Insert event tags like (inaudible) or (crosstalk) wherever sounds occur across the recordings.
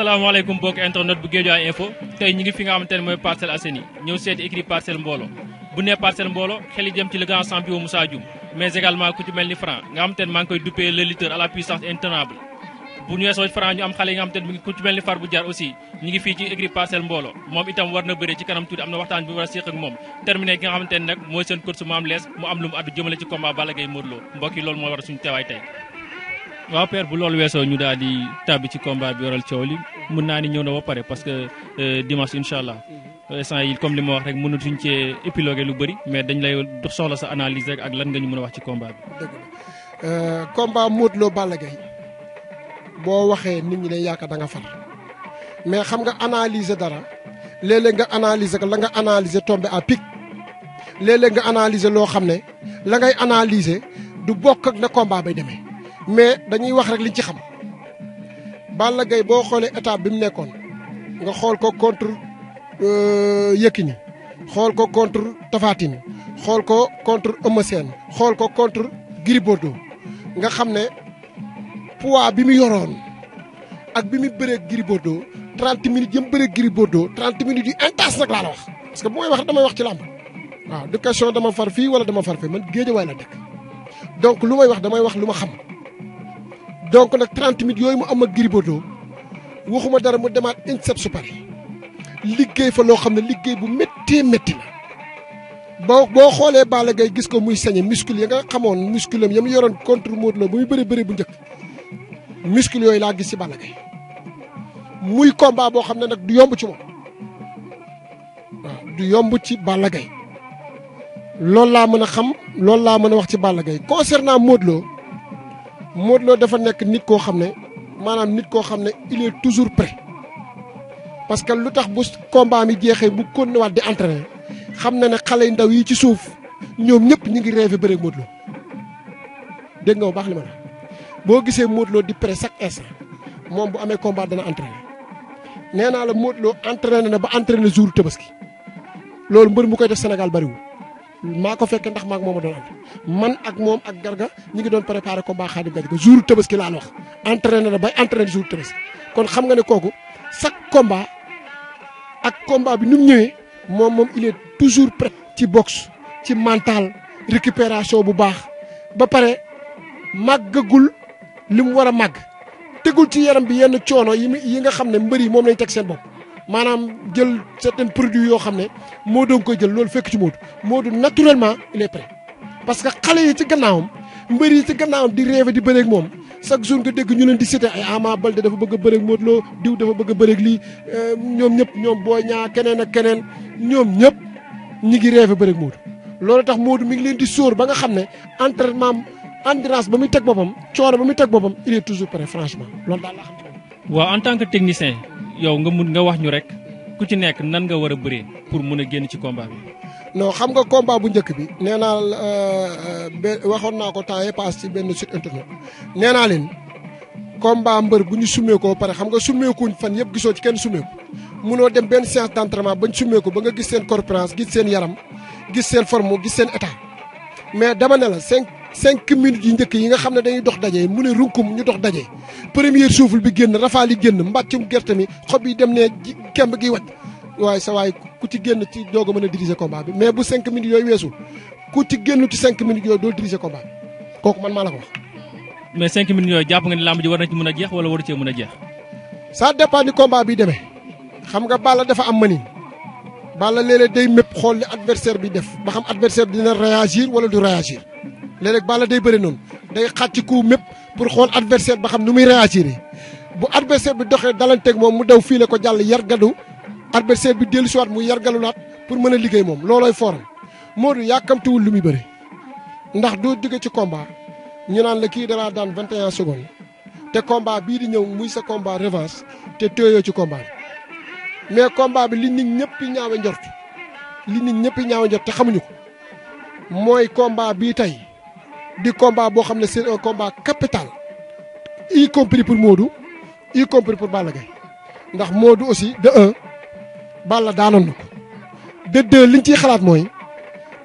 asalaamaaleykum mbokk internet bu Guédiawaye info tey ñi ngi fi nga xamante ne mooy Parcelles Assainies ñëw seeti écrit Parcelles mboolo bu nee Parcelles mboolo xel yi jëm ci le grand champion Moussa mais également ku ci mel ni Franc nga xamante ne maa ngi koy duppee le lutteur à puissance intenable bu ñu weesoo Franc ñu am xale yi nga xamante ne mi ngi ku ci mel ni far bu jaar aussi ñi ngi fii ci écrit Parcelles mboolo moom itam war na bëre ci kanam tuuti am na waxtaan a séq ak moom terminé waaw père bu loolu weesoo ñu daal di tàbbi ci combat bi waral coow li mun naa ni ñëw na ba pare parce que euh, dimanche incha allah mhm. instant yi comme li ma wax rek mënatuñ cee épilogué lu bëri mais dañ lay soxla sa analyse rek ak lan nga ñu mën a wax ci combat bi. dëgg la euh, combat Modou Lo Balla boo waxee nit ñi lay yaakaar da nga far mais xam nga analyser dara léeg nga analyser ko la nga analyser tombé à pic léeg nga analyser loo xam ne la ngay analyser du bokk na combat mais dañuy wax rek liñ ci xam Balla Gaye boo xoolee étape bi mu nekkoon nga xool ko contre euh, Yékini xool ko contre Tapha xool ko contre Eumeu Sène xool ko contre Gris Bordeaux nga xam ne poids bi mu yoroon ak bi mu bëree Gris Bordeaux 30 minutes yëm bëree Gris Bordeaux 30 minutes yu intense nag laa la wax. parce que bu may wax damay wax ci làmb waaw du dama far fii wala dama far fii man géejawaay la dëkk donc lu may wax damay wax lu ma xam. donc nag 30 minutes yooyu mu am ak Gris Bordeaux waxuma dara mu demaat INSEP Super liggéey fa loo xam ne liggéey bu méttee métti la. boo boo xoolee Balla Gaye gis ko muy sañe muscle ya nga xamoon muscle am ya mu yoroon contre Modou Lo muy bëree bëree bu njëkk muscle yooyu laa gis ci Balla muy combat boo xam ne nag du yomb ci moom waaw du yomb ci Balla Gaye loolu laa mën a xam loolu laa mën a wax ci Balla Gaye concernant Modou Modou dafa nek nit ko xam manam nit ko xam il est toujours prêt parce que lutax bu combat mi jeexee bu wat di entraîner xam na xalé ndaw yi ci souf ñom ñep ñi ngi rêvé bëré ak Modou nga bu baax li ma la boo di prêt chaque instant mom bu amé combat dana entraîner nee naa la Modou Lo entraîné na ba entraîné jour tabaski loolu mbeur mu koy def Sénégal bariwul. maa ko fekkee ndax maa ak moom a doon ànd man ak moom ak garga ñi ngi doon préparé combat Khadim Gadiaga jour tabaski ki la wax entraîné na bay entraîné jour tabaski kon xam nga ne kooku chaque combat ak combat bi nu mu ñëwee moom moom il est toujours prêt ci boxe ci mental récupération bu baax ba pare màggagul li mu war a màgg tegul ci yaram bi yenn coono yi yi nga xam ne mbër yi moom lañ teg seen bopp manam jël certains produits yo xamné mo do doon jël lool fekk ci Modou Modou naturellement il est prêt parce que xalé yi ci gannaawum mbër yi ci gannaawum di rêver di bëreeg mom chaque jour nga dégg ñu leen di cité ay Ama balde dafa bëgg a bëreeg Lo diw dafa bëgg a li ñom ñep ñom ñoom Boy Niang keneen ak keneen ñom ñep ñi ngi rêver bëreeg Modou loolu tax Modou mi ngi leen di sóor ba nga xamné entraînement endurance ba muy teg boppam coono ba muy teg boppam il est toujours prêt franchement loolu da la xam wa en tant que technicien yow nga mun nga wax ñu rek ku ci nekk nan nga war a bëree pour mun a génn ci combat bi non xam nga combat bu njëkk bi nee naa eh, eh, waxoon naa ko temps pass ci benn site internet nee naa leen combat mbër bu ñu ko pare xam nga fan yëpp gisoo ci kenn ko munoo dem benn séance d' entraînement bañ ko ba nga gis seen corporance gis seen yaram gis seen forme gis seen état mais dama ne la cinq cinq minutes yi njëkk yi nga xam ne dañuy dox daje mu ne runkum ñu dox daje première souffle bi génn rafaal yi génn mbàccum gerte mi xob yi dem ne kemb gi wàcc waaye sa waay ku ci génn ci doog a mën a diriger combat bi mais bu cinq minutes yooyu weesu ku ci génn ci cinq minutes yooyu doo diriger combat bi kooku man maa la ko wax. mais cinq minutes yooyu jàpp nga ni làmb ji war na ci mën a jeex wala waru cee mën a jeex. saa dépend ni combat bi demee xam nga Balla dafa am manin Balla léeg-léeg day mépp xool li adversaire bi def ba xam adversaire bi dina réagir wala du réagir. léeg-léeg day bëri noonu day xàcc coup mépp pour xool adversaire ba xam nu muy réagir bu adversaire bi doxee dalanteeg moom mu daw fiile ko jàll yargadu adversaire bi dellu siwaat mu yargalulaat pour mën a liggéey moom loolooy fooram Modou yàkkamtiwul lu muy bëri ndax doo jóge ci combat ñu naan la kii dalaa daan 21 secondes te combat bii di ñëw muy sa combat revanche te téyoo ci combat bi mais combat bi li nit ñëpp ñaawe njort li nit ñëpp ñaawe njort te xamuñu ko mooy combat bii tey du combat bo xamné c'est un combat capital y compris pour Modou y compris pour Balla ndax Modou aussi de un Balla daanoon de deux liñ ci xalat moy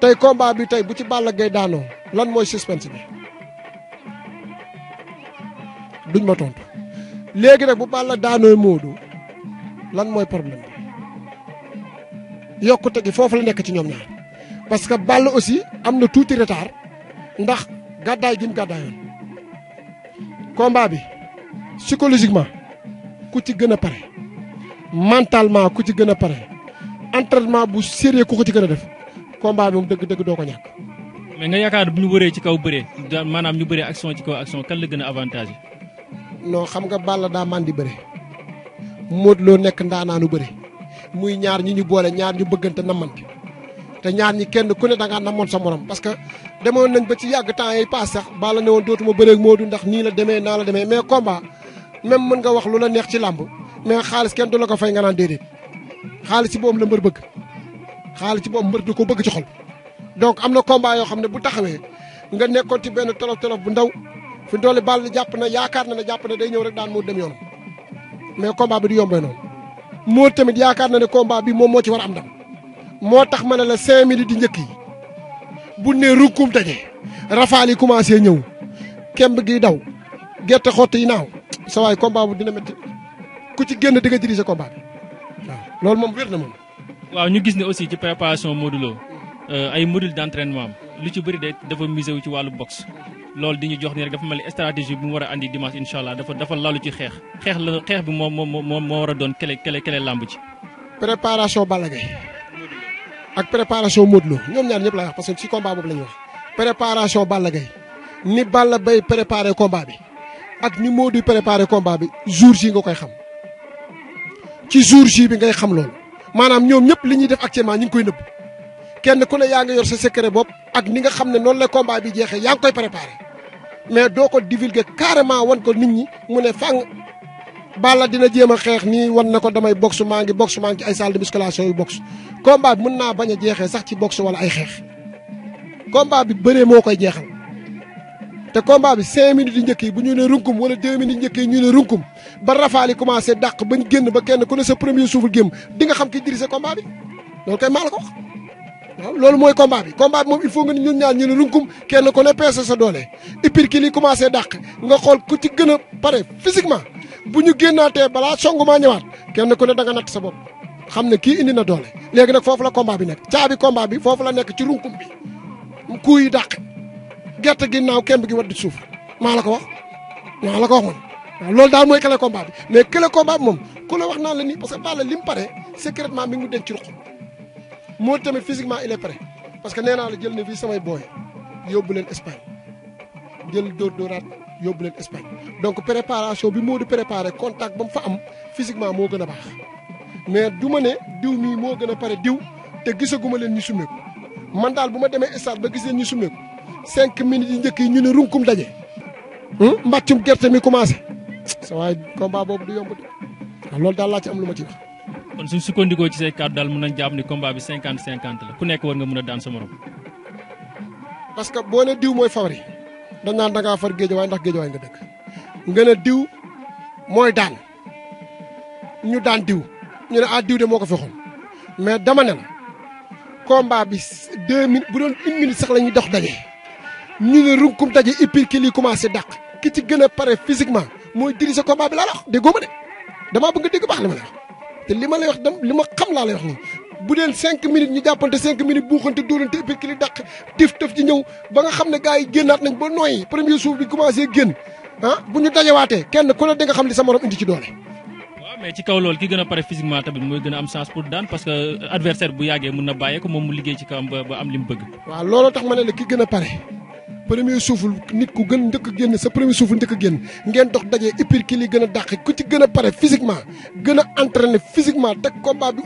tay combat bi tay bu ci Balla Gaye lan moy suspense bi duñ ma tontu légui nak bu Balla daanoo Modou lan moy problème bi yokkute gi fofu la nek ci ñom ñaar parce que Balla aussi amna touti retard ndax gàddaay gi gàddaayoon combat bi psychologiquement ku ci gën a pare mentalement ku ci gën a pare entraînement bu sérieux ku ko ci gën a def combat bi moom dëgg-dëgg doo ko ñàkk. mais nga yaakaar bu ñu wëree ci kaw bëree maanaam ñu bëree action ci kaw action kan la gën a avantage. non xam nga Balla daa man di bëre Modou Lo nekk ndaanaanu bëre muy ñaar ñi ñu boole ñaar ñu bëggante namante. te ñaan ñi kenn ku ne da nga namon sa morom parce que demone nañ ba ci yag temps yi pass sax ba la woon dootuma ak modou ndax ni la démé na la démé mais combat même mën nga wax lu la neex ci lamb mais xaaliss kenn du la ko fay nga nan dédé xaaliss ci bobu la mbeur bëgg xaaliss ci bobu mbeur du ko bëgg ci xol donc amna combat yo xamne bu taxawé nga nekkon ci ben tolof tolof bu ndaw fi doole bal japp na yaakar na la japp na day ñew rek daan mo dem yoon mais combat bi du yombé non mo tamit yaakar na ne combat bi mom mo ci war am dam moo tax ma ne la cinq minutes di njëkk yi bu ne rukkum daje rafaal yi commencé ñëw kemb gi daw gerte xott yi naaw sa waay combat bu dina métti ku ci génn di nga diriger combat bi waaw loolu moom wér na moom. waaw ñu gis ne aussi ci préparation Modou Lo euh, ay module d' entraînement lu ci bëri de dafa misé wu ci wàllu boxe loolu di ñu jox ni rek dafa mel ni stratégie bi mu war a andi dimanche incha allah dafa dafa lalu ci xeex xeex la xeex bi moo moo moo moo war a doon kele kele kele làmb ci préparation Balla ak préparation Modou Lo ñoom ñaar ñëpp laa wax parce ci combat boobu la ñuy wax préparation Balla Gaye ni Balla bay préparé combat bi ak ni Modou préparé combat bi jour ji nga koy xam ci jour ji bi ngay xam loolu maanaam ñoom ñëpp li ñuy def actuellement ñu ngi koy nëbb kenn ku ne yaa ngi yor sa secret bopp ak ni nga xam ne noonu lay combat bi jeexee yaa ngi koy préparé mais doo ko divulguer carrément wan ko nit ñi mu ne fang Balla dina jéem a xeex nii wan na ko damay boxe maa ngi boxe maa ngi ci ay salle de musculation yu boxe combat bi mën naa bañ a jeexee sax ci boxe wala ay xeex combat bi bëree moo koy jeexal te combat bi cinq minutes yi njëkk yi bu ñu ne runkum wala deux minutes njëkk yi ñu ne runkum ba rafaal yi commencé dàq bañ génn ba kenn ku ne sa premier souffle gémm di nga xam ki dirigé combat bi loolu koy maa ko waaw loolu mooy combat bi combat bi moom il faut nga ñaar ñu ne runkum kenn ku ne peese sa doole. ipir ki commencé dàq nga xool ku ci gën a pare physiquement bu ñu génnaatee balaa song maa ñëwaat kenn ku ne danga natt sa bopp xam ne kii indi na doole léegi nag foofu la combat bi nekk caabi combat bi foofu la nekk ci runkum bi kuu yi dàq gerte ginnaaw kemb gi di suuf maa la ko wax maa la ko wax moom loolu daal mooy clé combat bi mais clé moom ku la wax naan la parce que Balla la mu pare secrètement mi ngi denc ci ruq moo tamit physiquement il est parce que nee naa la jël na fii samay booy yóbbu leen Espagne jël dóor dóoraat yóbbu leen Espagne donc préparation bi moo di préparé contact ba fa am physiquement moo gën a baax mais du ma ne diw mii moo gën a pare diw te gisaguma leen ñu summeeku man daal bu ma demee stade ba gis leen ñu summeeku cinq minutes yi jëkk yi ñu ne runkum daje. Hmm? mbàccum gerte mi commencé. sa waay combat boobu du yomb de ah, loolu daal laa ci am lu ma ci wax. kon suñ sukkandikoo ci say kàddu daal mën nañ jàpp ni combat bi cinquante cinquante la ku nekk war nga mën a parce que boo ne diw mooy favori. dañ naan da ngaa far géejawaay ndax géejawaay nga dëkk nga ne diw mooy daan ñu daan diw ñu ne ah diw de moo ko fi xool mais dama ne la bi deux minutes bu doon une minute sax la ñuy dox daje ñu ne runkum daje ipir kii lii commencé daq ki ci gën a pare physiquement mooy diriger combat bi laa la wax déggoo de damaa bëgg nga dégg baax li ma lay wax te li ma lay wax dam xam laa lay wax nii bu deen cinq minutes ñu jàppante cinq minutes buuxante dóorante épit ki li dàq tif tëf ci ñëw ba nga xam ne gars yi génnaat nañ ba nooy premier suuf bi commencé génn ah bu ñu dajawaatee kenn ku ne da nga xam li sa morom indi ci doole mais ci kaw loolu ki gën a pare physiquement tamit mooy gën a am chance pour daan parce que adversaire bu yàggee mun na bàyyee ko moom mu liggéey ci kawam ba am li mu bëgg. waaw looloo tax ma ne la ki gën a pare premier suuful nit ku gën njëkk a sa premier suuful njëkk a génn ngeen dox a dàq ku ci gën a pare physiquement gën teg combat bi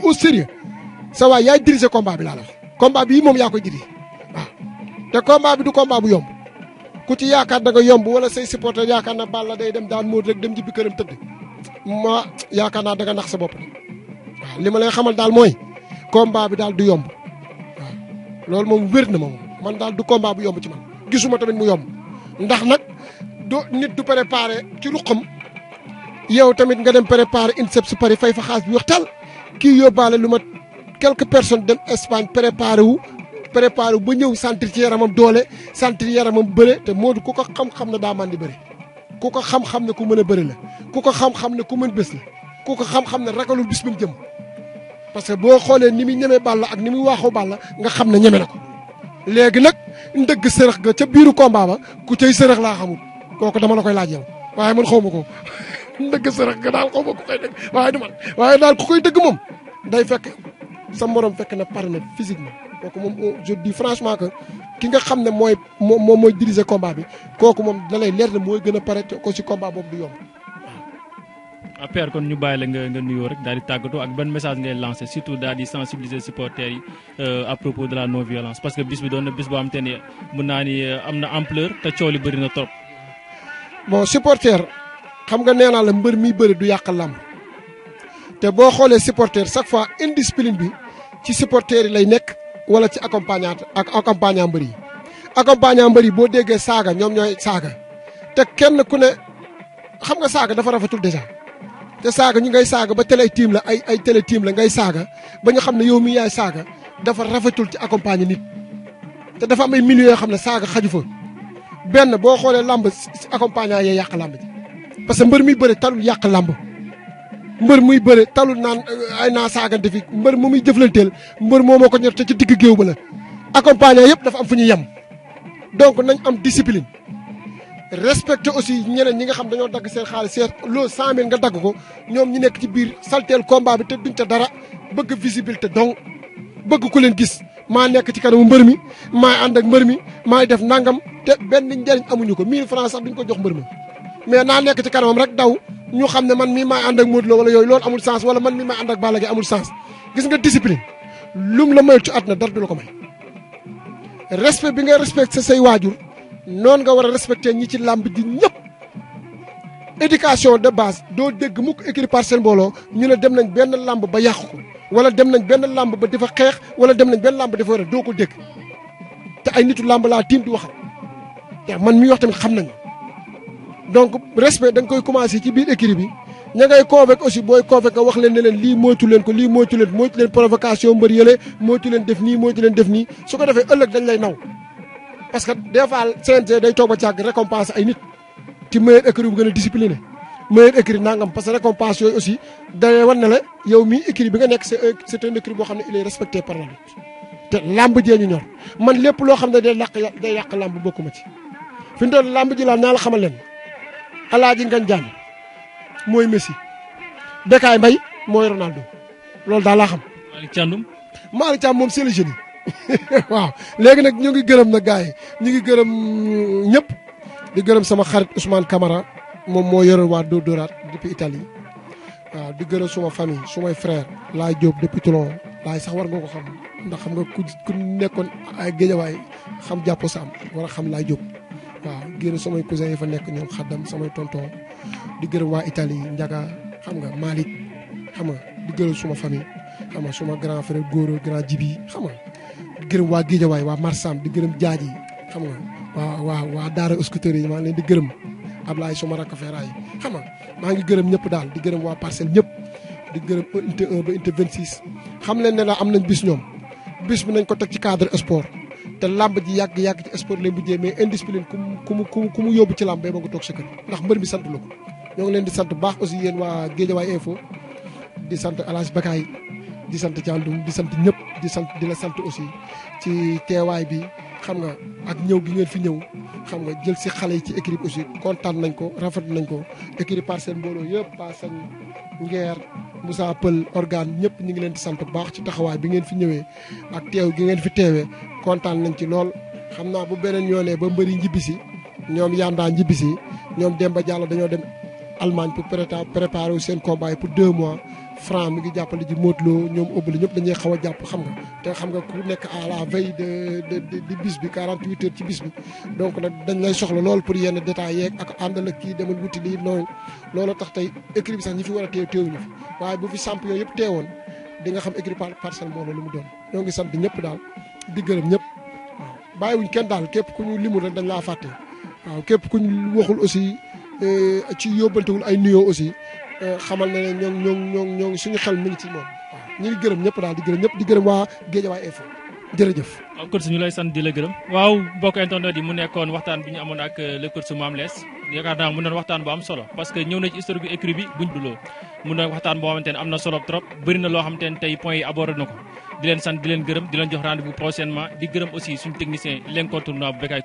sa waay yaay diriger kombaa bi laa la bi combat moom yaa koy diri waaw ah. te kombaa bi du combat bu yomb ku ci yaakaar danga nga yomb wala say supporter yaakaar na la day dem daan Modou rek dem ci bi këram tëdd ma yaakaar naa da nga sa bopp waaw ah, li ma lay xamal daal mooy combat bi daal du yomb waaw ah. loolu moom wér na ma moom man daal du combat bu yomb ci man gisuma tamit mu yomb ndax nag du nit du préparé ci ruqam yow tamit nga dem préparé INSEP su pare fay fa xaalis bi waxtaan kii yóbbaale lu ma quelques personnes dem Espagne préparé wu préparé wu ba ñëw sentir ci yaramam doole sentir yaramam bëre te Modou ku ko xam-xam ne daa man di bëri ku ko xam-xam ne ku mën a bëri la ku ko xam-xam ne ku mën bés la xam-xam ne ragalul bis bi mu jëm parce que boo xoolee ni muy ñemee la ak ni muy waaxoo Balla nga xam ne ñeme na ko léegi nag ndëgg sërëx ga ca biiru combat ba ku cay sërëx laa xamul kooku dama la koy laaj yow waaye man xaw ma ko (laughs) ndëgg sërëx ga daal xaw ma ku koy dëgg waaye sa morom fekk na parne na physiquement kooku moom oh, je dis franchement que ki nga xamne moy mooy moy diriger combat bi kooku mom dalay lay moy gëna paré ko ci combat bobu du yom a ah, père kon ñu bàyyi nga nga nuyoo rek dal di tagatu ak ben message ngay lancé surtout dal di sensibiliser supporters yi euh, à propos de la non violence parce que bis bi doon na bis bo am tane ne mun naa ni euh, am ampleur te coow bari na trop. bon supporter xam nga nee la mbeur mi bëri du yak làmb te bo xolé supporter chaque fois indiscipline bi ci supporters yi lay nekk wala ci accompagnant ak accompagnant mbër yi accompagnant mbër yi boo déggee saaga ñoom ñooy saaga te kenn ku ne xam nga saaga dafa rafetul déjà te saaga ñu ngay saaga ba télé tiim la ay ay télé tiim la ngay saaga ba ñu xam ne yow mi yaay saaga dafa rafetul ci accompagner nit te dafa am ay millions yoo xam ne saaga xaju fa benn boo xoolee làmb si accompagnant yàq làmb ji parce que mbër mi bëri talul yàq làmb mbër muy bëre talul naan ay naa saagante fi mbër mu muy jëflanteel mbër moo moo ko ñor te ci digg géew ba la accompagné yëpp dafa am fu ñu yem donc nañ am discipline respecté aussi ñeneen ñi nga xam dañoo dagg seen xaalis seen loolu cent nga dagg ko ñoom ñu nekk ci biir salteel combat bi te duñ ca dara bëgg visibilité donc bëgg ku leen gis maa nekk ci kanamu mbër mi maa ànd ak mbër mi maay def nangam te benn njëriñ amuñu ko mille francs sax duñ ko jox mbër mi mais naa nekk ci kanamam rek daw ñu xam ne man mii maa ànd ak Modou Lo wala yooyu loolu amul sens wala man mii maa ànd ak Balla Gaye amul sens gis nga discipline lum la mayul ci àdduna dara du la ko may respect bi nga respecté say waajur noonu nga war a respecté ñi ci làmb di ñëpp éducation de base doo dégg mukk écrit parce seen mbooloo ñu ne dem nañ benn làmb ba yàqu ko wala dem nañ benn làmb ba dafa xeex wala dem nañ benn làmb dafa war doo ko dégg te ay nitu làmb laa tii di wax man mii wax tamit xam nañu donc respect da koy commencé ci biir écrit bi ña ngay convoqué aussi booy convoqué wax leen ne leen lii moytu leen ko lii moytu leen moytu leen provocation mbër yële moytu leen def nii moytu leen def nii su ko defee ëllëg dañ lay naw parce que des fois CNG day toog ba càgg récompense ay nit ci meilleur écrit bu gën a discipliné meilleur écrit nangam parce que récompense yooyu aussi day wan ne la yow mii écrit bi nga nekk c'est un c'est un boo xam ne il est respecté jee ñu ñor man lépp loo xam ne day yàq day yàq làmb bokkuma ci fi mu toll làmb ji laa naa la xamal leen Alaaji Ngagne Diagne mooy Messi Bécaye Mbaye mooy Ronaldo loolu daal laa xam. Malick Thiandoum. Malick moom c'est le (laughs) waaw léegi nag ñu ngi gërëm na gars ñu ngi gërëm ñëpp di gërëm sama xarit Ousmane kamara moom moo yore waa Dóor Dóoraat depuis Italie waaw di gërëm suma famille sumay frère Laay Diop depuis Toulon laay sax war nga ko xam ndax xam nga ku ku nekkoon ay géejawaay xam jàppoo sa am war a xam Laay Diop. gërëm samay cousin yi fa nekk ñoom xaddam samay tonton di gërëm waa Italie Ndiaga xam nga Malick xam nga di gërëm suma famille xam nga suma grand frère Goro grand Jibi xam nga di gërëm waa Guédiawaye waa Marsam di gërëm Jaaji xam nga waa waa waa Daara Escouteur yi maa ngi leen di gërëm Ablaye suma rakk feeraay xam nga maa ngi daal di gërëm waa parcelle ñëpp di gërëm ba unité 1 ba unité 26. xam leen ne la am nañ bis ñoom bis bi nañ ko teg ci cadre sport te làmb ji yàgg-yàgg ci sport lay mujjee mais indiscipline ku ku mu ku mu yóbbu ci làmb ba nga toog sa ndax mbër mi sant la ko ñoo ngi leen di sant bu baax aussi yéen waa Géejawaay info di sant Alaaji Bakaay di sant Thiandoum di sant ñëpp di sant di la sant aussi ci teewaay bi xam nga ak ñëw gi ngeen fi ñëw xam nga jël si xale yi ci équipe aussi kontaan nañ ko rafet nañ ko équipe par seen mbooloo yëpp par seen ngeer Moussa Pël organe ñëpp ñu ngi leen di sant bu baax ci taxawaay bi ngeen fi ñëwee ak teew gi ngeen fi teewee kontaan nañ ci lool xam naa bu beneen yoonee ba mbëri njibbi ñoom Yanda Njibisi ñoom dem ba Diallo dañoo dem Allemagne pour préparer seen combat pour deux mois Franc mi ngi jàppale ji Modou Lo ñoom ëbbali ñëpp dañuy xaw a jàpp xam nga te xam nga ku nekk à la veille de de bis bi 48 heures ci bis bi donc nag dañ lay soxla lool pour yenn détails yeeg ak àndal ak kii demal wuti lii noonu loolu tax tey écrit bi sax ñi fi war a teew teewuñu fi waaye bu fi samp yooyu yëpp teewoon di nga xam écrit parcelle mbooloo lu mu doon ñoo ngi sant ñëpp daal di gërëm ñëpp waaw bàyyiwuñ kenn daal képp ku ñu limul dañ laa fàtte waaw képp kuñ waxul aussi eh, ci yóbbantewul ay nuyoo aussi eh, xamal na ne ñoo ñoo ñoo ñoo suñu xel mi ngi ci moom ñu ngi gërëm ñëpp daal di gërëm ñëpp di gërëm waa Guédiawaye Gerem. jërëjëf waaw coach ñu lay sant di la gërëm waaw mbokk internet yi mu nekkoon waxtaan bi ñu amoon ak euh, le coach Mame Less yaakaar naa mu doon waxtaan bu am solo parce que ñëw na ci historique bi écrit bi buñ duloo mu doon waxtaan boo xamante ne am na solo trop bëri na loo xamante ne tey point yi na ko di leen sant di leen gërëm di leen jox rendez-vous prochainement di gërëm aussi suñu technicien l'incontournable Bekay